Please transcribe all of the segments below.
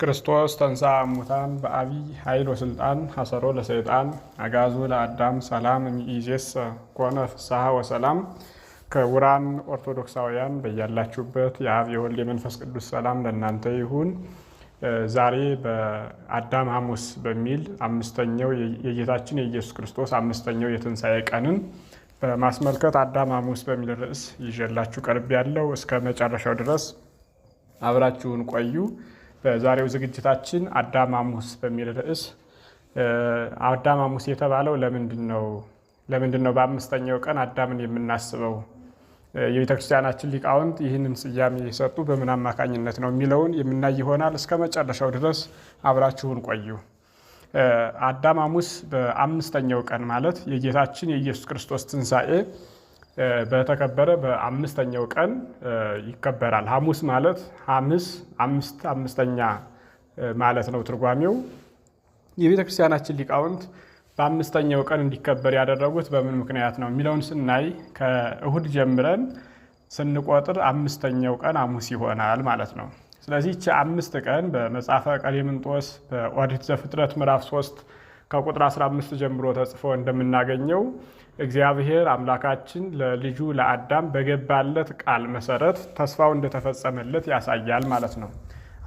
ክርስቶስ ተንሳ እሙታን በአቢይ ኃይል ወስልጣን አሰሮ ለሰይጣን አጋዞ ለአዳም ሰላም እምይእዜሰ ኮነ ፍስሐ ወሰላም። ክቡራን ኦርቶዶክሳውያን በያላችሁበት የአብ የወልድ የመንፈስ ቅዱስ ሰላም ለእናንተ ይሁን። ዛሬ በአዳም ሐሙስ በሚል አምስተኛው የጌታችን የኢየሱስ ክርስቶስ አምስተኛው የትንሣኤ ቀንን በማስመልከት አዳም ሐሙስ በሚል ርዕስ ይዤላችሁ ቀርብ ያለው እስከ መጨረሻው ድረስ አብራችሁን ቆዩ። በዛሬው ዝግጅታችን አዳም ሐሙስ በሚል ርዕስ አዳም ሐሙስ የተባለው ለምንድን ነው? ለምንድን ነው በአምስተኛው ቀን አዳምን የምናስበው? የቤተክርስቲያናችን ሊቃውንት ይህንን ስያሜ የሰጡ በምን አማካኝነት ነው የሚለውን የምናይ ይሆናል። እስከ መጨረሻው ድረስ አብራችሁን ቆዩ። አዳም ሐሙስ በአምስተኛው ቀን ማለት የጌታችን የኢየሱስ ክርስቶስ ትንሣኤ በተከበረ በአምስተኛው ቀን ይከበራል። ሐሙስ ማለት ሐምስ አምስት አምስተኛ ማለት ነው ትርጓሜው። የቤተ ክርስቲያናችን ሊቃውንት በአምስተኛው ቀን እንዲከበር ያደረጉት በምን ምክንያት ነው የሚለውን ስናይ ከእሁድ ጀምረን ስንቆጥር አምስተኛው ቀን ሐሙስ ይሆናል ማለት ነው። ስለዚህ ይቺ አምስት ቀን በመጽሐፈ ቀሌምንጦስ በኦሪት ዘፍጥረት ምዕራፍ ሶስት ከቁጥር 15 ጀምሮ ተጽፎ እንደምናገኘው እግዚአብሔር አምላካችን ለልጁ ለአዳም በገባለት ቃል መሰረት ተስፋው እንደተፈጸመለት ያሳያል ማለት ነው።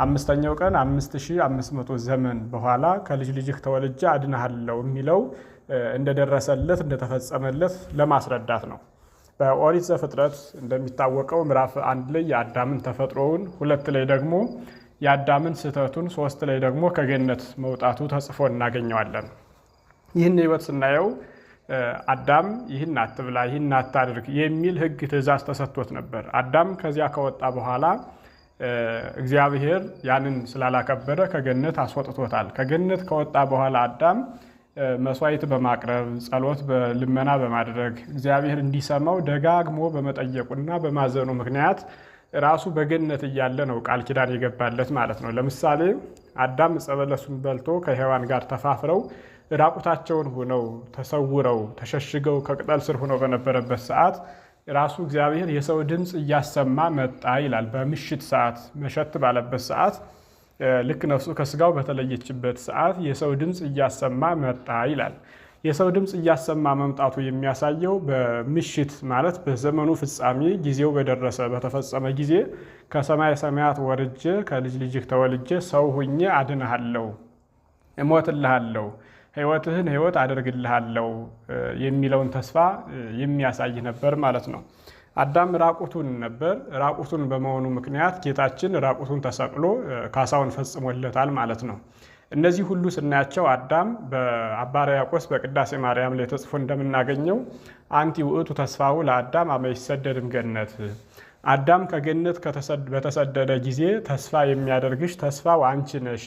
አምስተኛው ቀን 5500 ዘመን በኋላ ከልጅ ልጅህ ተወልጄ አድንሃለሁ የሚለው እንደደረሰለት እንደተፈጸመለት ለማስረዳት ነው። በኦሪት ዘፍጥረት እንደሚታወቀው ምዕራፍ አንድ ላይ የአዳምን ተፈጥሮውን፣ ሁለት ላይ ደግሞ የአዳምን ስህተቱን፣ ሶስት ላይ ደግሞ ከገነት መውጣቱ ተጽፎ እናገኘዋለን። ይህን ህይወት ስናየው አዳም ይህን አትብላ፣ ይህን አታድርግ የሚል ህግ ትእዛዝ ተሰጥቶት ነበር። አዳም ከዚያ ከወጣ በኋላ እግዚአብሔር ያንን ስላላከበረ ከገነት አስወጥቶታል። ከገነት ከወጣ በኋላ አዳም መስዋዕት በማቅረብ ጸሎት በልመና በማድረግ እግዚአብሔር እንዲሰማው ደጋግሞ በመጠየቁና በማዘኑ ምክንያት ራሱ በገነት እያለ ነው ቃል ኪዳን የገባለት ማለት ነው። ለምሳሌ አዳም ጸበለሱን በልቶ ከሔዋን ጋር ተፋፍረው ራቁታቸውን ሆነው ተሰውረው ተሸሽገው ከቅጠል ስር ሆነው በነበረበት ሰዓት ራሱ እግዚአብሔር የሰው ድምፅ እያሰማ መጣ ይላል። በምሽት ሰዓት መሸት ባለበት ሰዓት ልክ ነፍሱ ከስጋው በተለየችበት ሰዓት የሰው ድምፅ እያሰማ መጣ ይላል። የሰው ድምፅ እያሰማ መምጣቱ የሚያሳየው በምሽት ማለት በዘመኑ ፍጻሜ ጊዜው በደረሰ በተፈጸመ ጊዜ ከሰማይ ሰማያት ወርጄ ከልጅ ልጅህ ተወልጄ ሰው ሁኜ አድንሃለሁ፣ እሞትልሃለሁ፣ ህይወትህን ህይወት አደርግልሃለሁ የሚለውን ተስፋ የሚያሳይ ነበር ማለት ነው። አዳም ራቁቱን ነበር። ራቁቱን በመሆኑ ምክንያት ጌታችን ራቁቱን ተሰቅሎ ካሳውን ፈጽሞለታል ማለት ነው። እነዚህ ሁሉ ስናያቸው አዳም በአባ ሕርያቆስ በቅዳሴ ማርያም ላይ ተጽፎ እንደምናገኘው አንቲ ውእቱ ተስፋው ለአዳም አመ ይሰደድም ገነት አዳም ከገነት በተሰደደ ጊዜ ተስፋ የሚያደርግሽ ተስፋው አንቺ ነሽ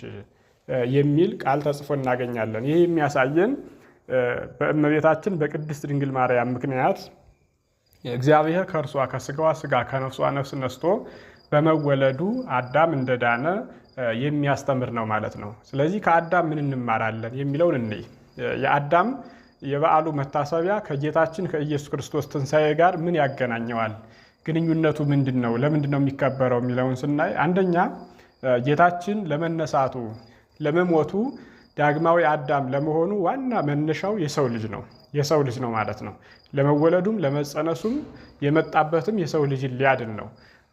የሚል ቃል ተጽፎ እናገኛለን። ይህ የሚያሳየን በእመቤታችን በቅድስት ድንግል ማርያም ምክንያት እግዚአብሔር ከእርሷ ከስጋዋ ስጋ ከነፍሷ ነፍስ ነስቶ በመወለዱ አዳም እንደዳነ የሚያስተምር ነው ማለት ነው። ስለዚህ ከአዳም ምን እንማራለን የሚለውን እንይ። የአዳም የበዓሉ መታሰቢያ ከጌታችን ከኢየሱስ ክርስቶስ ትንሣኤ ጋር ምን ያገናኘዋል? ግንኙነቱ ምንድን ነው? ለምንድን ነው የሚከበረው የሚለውን ስናይ አንደኛ ጌታችን ለመነሳቱ ለመሞቱ ዳግማዊ አዳም ለመሆኑ ዋና መነሻው የሰው ልጅ ነው የሰው ልጅ ነው ማለት ነው። ለመወለዱም ለመጸነሱም የመጣበትም የሰው ልጅን ሊያድን ነው።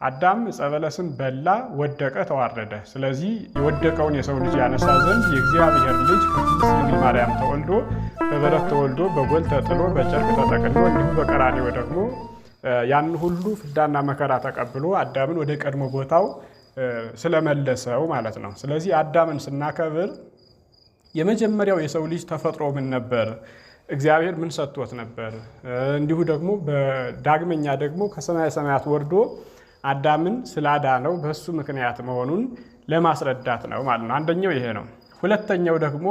አዳም ዕፀ በለስን በላ፣ ወደቀ፣ ተዋረደ። ስለዚህ የወደቀውን የሰው ልጅ ያነሳ ዘንድ የእግዚአብሔር ልጅ ድንግል ማርያም ተወልዶ በበረት ተወልዶ በጎል ተጥሎ በጨርቅ ተጠቅሎ እንዲሁም በቀራኔው ደግሞ ያን ሁሉ ፍዳና መከራ ተቀብሎ አዳምን ወደ ቀድሞ ቦታው ስለመለሰው ማለት ነው። ስለዚህ አዳምን ስናከብር የመጀመሪያው የሰው ልጅ ተፈጥሮ ምን ነበር? እግዚአብሔር ምን ሰጥቶት ነበር? እንዲሁ ደግሞ በዳግመኛ ደግሞ ከሰማይ ሰማያት ወርዶ አዳምን ስላዳነው በሱ ምክንያት መሆኑን ለማስረዳት ነው ማለት ነው። አንደኛው ይሄ ነው። ሁለተኛው ደግሞ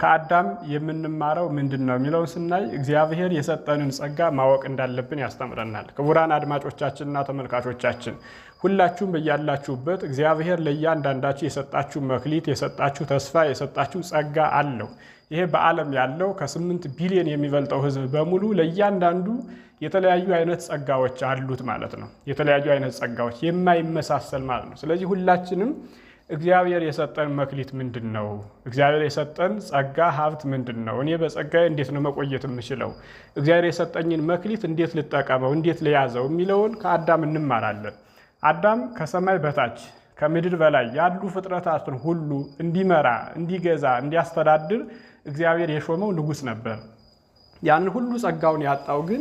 ከአዳም የምንማረው ምንድን ነው የሚለውን ስናይ እግዚአብሔር የሰጠንን ጸጋ ማወቅ እንዳለብን ያስተምረናል። ክቡራን አድማጮቻችንና ተመልካቾቻችን ሁላችሁም በያላችሁበት እግዚአብሔር ለእያንዳንዳችሁ የሰጣችሁ መክሊት፣ የሰጣችሁ ተስፋ፣ የሰጣችሁ ጸጋ አለው። ይሄ በዓለም ያለው ከስምንት ቢሊዮን የሚበልጠው ሕዝብ በሙሉ ለእያንዳንዱ የተለያዩ አይነት ጸጋዎች አሉት ማለት ነው። የተለያዩ አይነት ጸጋዎች የማይመሳሰል ማለት ነው። ስለዚህ ሁላችንም እግዚአብሔር የሰጠን መክሊት ምንድን ነው? እግዚአብሔር የሰጠን ጸጋ ሀብት ምንድን ነው? እኔ በጸጋዬ እንዴት ነው መቆየት የምችለው? እግዚአብሔር የሰጠኝን መክሊት እንዴት ልጠቀመው? እንዴት ልያዘው? የሚለውን ከአዳም እንማራለን። አዳም ከሰማይ በታች ከምድር በላይ ያሉ ፍጥረታትን ሁሉ እንዲመራ፣ እንዲገዛ፣ እንዲያስተዳድር እግዚአብሔር የሾመው ንጉሥ ነበር። ያንን ሁሉ ጸጋውን ያጣው ግን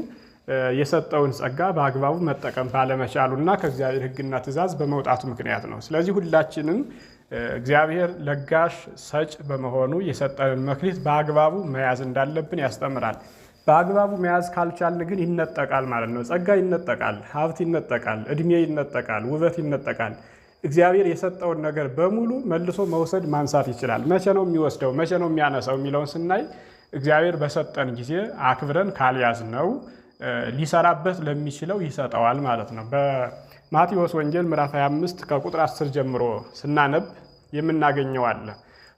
የሰጠውን ጸጋ በአግባቡ መጠቀም ባለመቻሉና ከእግዚአብሔር ሕግና ትእዛዝ በመውጣቱ ምክንያት ነው። ስለዚህ ሁላችንም እግዚአብሔር ለጋሽ ሰጭ በመሆኑ የሰጠንን መክሊት በአግባቡ መያዝ እንዳለብን ያስተምራል። በአግባቡ መያዝ ካልቻልን ግን ይነጠቃል ማለት ነው። ጸጋ ይነጠቃል፣ ሀብት ይነጠቃል፣ እድሜ ይነጠቃል፣ ውበት ይነጠቃል። እግዚአብሔር የሰጠውን ነገር በሙሉ መልሶ መውሰድ ማንሳት ይችላል። መቼ ነው የሚወስደው? መቼ ነው የሚያነሳው? የሚለውን ስናይ እግዚአብሔር በሰጠን ጊዜ አክብረን ካልያዝ ነው ሊሰራበት ለሚችለው ይሰጠዋል ማለት ነው። በማቴዎስ ወንጌል ምዕራፍ 25 ከቁጥር 10 ጀምሮ ስናነብ የምናገኘው አለ።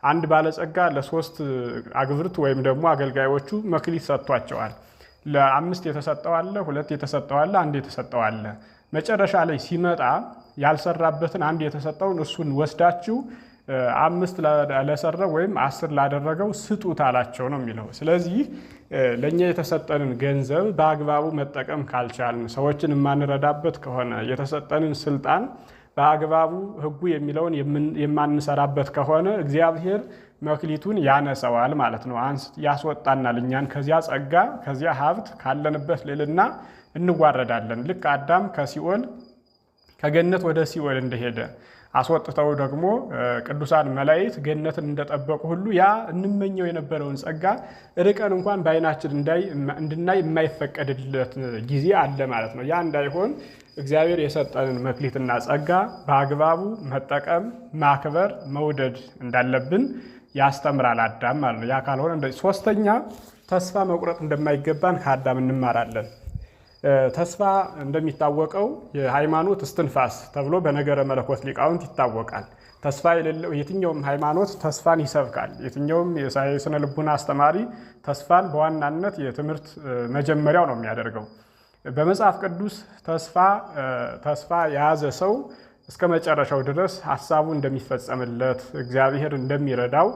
አንድ ባለጸጋ ለሶስት አግብርት ወይም ደግሞ አገልጋዮቹ መክሊት ሰጥቷቸዋል። ለአምስት የተሰጠዋለ፣ ሁለት የተሰጠዋለ፣ አንድ የተሰጠዋለ። መጨረሻ ላይ ሲመጣ ያልሰራበትን አንድ የተሰጠውን እሱን ወስዳችሁ አምስት ለሰራ ወይም አስር ላደረገው ስጡት አላቸው ነው የሚለው። ስለዚህ ለእኛ የተሰጠንን ገንዘብ በአግባቡ መጠቀም ካልቻልን፣ ሰዎችን የማንረዳበት ከሆነ የተሰጠንን ስልጣን በአግባቡ ሕጉ የሚለውን የማንሰራበት ከሆነ እግዚአብሔር መክሊቱን ያነሰዋል ማለት ነው። ያስወጣናል። እኛን ከዚያ ጸጋ፣ ከዚያ ሀብት፣ ካለንበት ልዕልና እንዋረዳለን። ልክ አዳም ከሲኦል ከገነት ወደ ሲኦል እንደሄደ አስወጥተው ደግሞ ቅዱሳን መላእክት ገነትን እንደጠበቁ ሁሉ ያ እንመኘው የነበረውን ጸጋ ርቀን እንኳን በዓይናችን እንድናይ የማይፈቀድለት ጊዜ አለ ማለት ነው። ያ እንዳይሆን እግዚአብሔር የሰጠንን መክሊትና ጸጋ በአግባቡ መጠቀም፣ ማክበር፣ መውደድ እንዳለብን ያስተምራል አዳም ማለት ነው። ያ ካልሆነ ሶስተኛ ተስፋ መቁረጥ እንደማይገባን ከአዳም እንማራለን። ተስፋ እንደሚታወቀው የሃይማኖት እስትንፋስ ተብሎ በነገረ መለኮት ሊቃውንት ይታወቃል። ተስፋ የሌለው የትኛውም ሃይማኖት ተስፋን ይሰብካል። የትኛውም የስነ ልቡና አስተማሪ ተስፋን በዋናነት የትምህርት መጀመሪያው ነው የሚያደርገው። በመጽሐፍ ቅዱስ ተስፋ ተስፋ የያዘ ሰው እስከ መጨረሻው ድረስ ሀሳቡ እንደሚፈጸምለት እግዚአብሔር እንደሚረዳው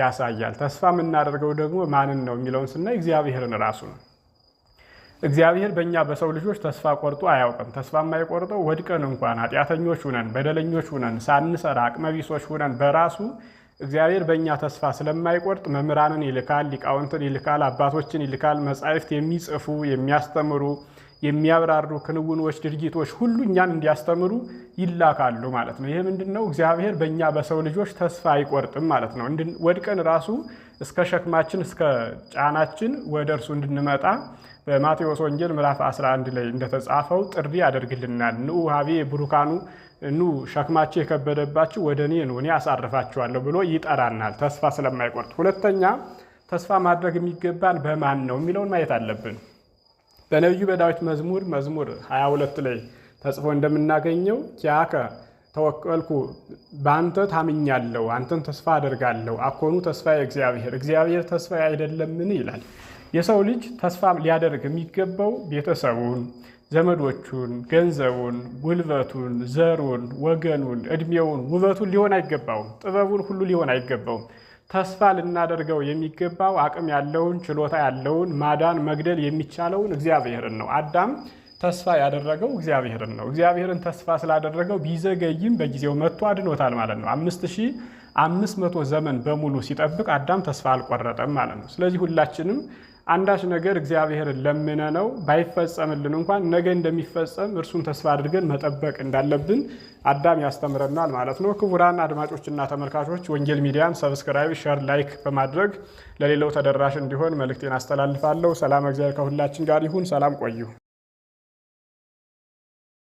ያሳያል። ተስፋ የምናደርገው ደግሞ ማንን ነው የሚለውን ስናይ እግዚአብሔርን ራሱ ነው። እግዚአብሔር በእኛ በሰው ልጆች ተስፋ ቆርጦ አያውቅም። ተስፋ የማይቆርጠው ወድቀን እንኳን ኃጢአተኞች ሁነን በደለኞች ሁነን ሳንሰራ አቅመቢሶች ሁነን በራሱ እግዚአብሔር በእኛ ተስፋ ስለማይቆርጥ መምህራንን ይልካል፣ ሊቃውንትን ይልካል፣ አባቶችን ይልካል፣ መጻሕፍት የሚጽፉ የሚያስተምሩ የሚያብራሩ ክንውኖች፣ ድርጊቶች ሁሉ እኛን እንዲያስተምሩ ይላካሉ ማለት ነው። ይህ ምንድን ነው? እግዚአብሔር በእኛ በሰው ልጆች ተስፋ አይቆርጥም ማለት ነው። ወድቀን ራሱ እስከ ሸክማችን እስከ ጫናችን ወደ እርሱ እንድንመጣ በማቴዎስ ወንጌል ምዕራፍ 11 ላይ እንደተጻፈው ጥሪ ያደርግልናል። ንዑ ሀቤ ብሩካኑ ኑ ሸክማችሁ የከበደባችሁ ወደ እኔ ኑ እኔ አሳርፋችኋለሁ ብሎ ይጠራናል። ተስፋ ስለማይቆርጥ ሁለተኛ ተስፋ ማድረግ የሚገባን በማን ነው የሚለውን ማየት አለብን። በነቢዩ በዳዊት መዝሙር መዝሙር 22 ላይ ተጽፎ እንደምናገኘው ኪያከ ተወቀልኩ በአንተ ታምኛለሁ፣ አንተን ተስፋ አደርጋለሁ። አኮኑ ተስፋ እግዚአብሔር እግዚአብሔር ተስፋ አይደለምን ይላል። የሰው ልጅ ተስፋ ሊያደርግ የሚገባው ቤተሰቡን፣ ዘመዶቹን፣ ገንዘቡን፣ ጉልበቱን፣ ዘሩን፣ ወገኑን፣ እድሜውን፣ ውበቱን ሊሆን አይገባውም። ጥበቡን ሁሉ ሊሆን አይገባውም። ተስፋ ልናደርገው የሚገባው አቅም ያለውን ችሎታ ያለውን ማዳን መግደል የሚቻለውን እግዚአብሔርን ነው። አዳም ተስፋ ያደረገው እግዚአብሔርን ነው። እግዚአብሔርን ተስፋ ስላደረገው ቢዘገይም በጊዜው መጥቶ አድኖታል ማለት ነው። አምስት ሺህ አምስት መቶ ዘመን በሙሉ ሲጠብቅ አዳም ተስፋ አልቆረጠም ማለት ነው። ስለዚህ ሁላችንም አንዳች ነገር እግዚአብሔር ለምነ ነው ባይፈጸምልን እንኳን ነገ እንደሚፈጸም እርሱን ተስፋ አድርገን መጠበቅ እንዳለብን አዳም ያስተምረናል ማለት ነው። ክቡራን አድማጮችና ተመልካቾች ወንጌል ሚዲያን ሰብስክራይብ፣ ሸር፣ ላይክ በማድረግ ለሌለው ተደራሽ እንዲሆን መልእክቴን አስተላልፋለሁ። ሰላም እግዚአብሔር ከሁላችን ጋር ይሁን። ሰላም ቆዩ።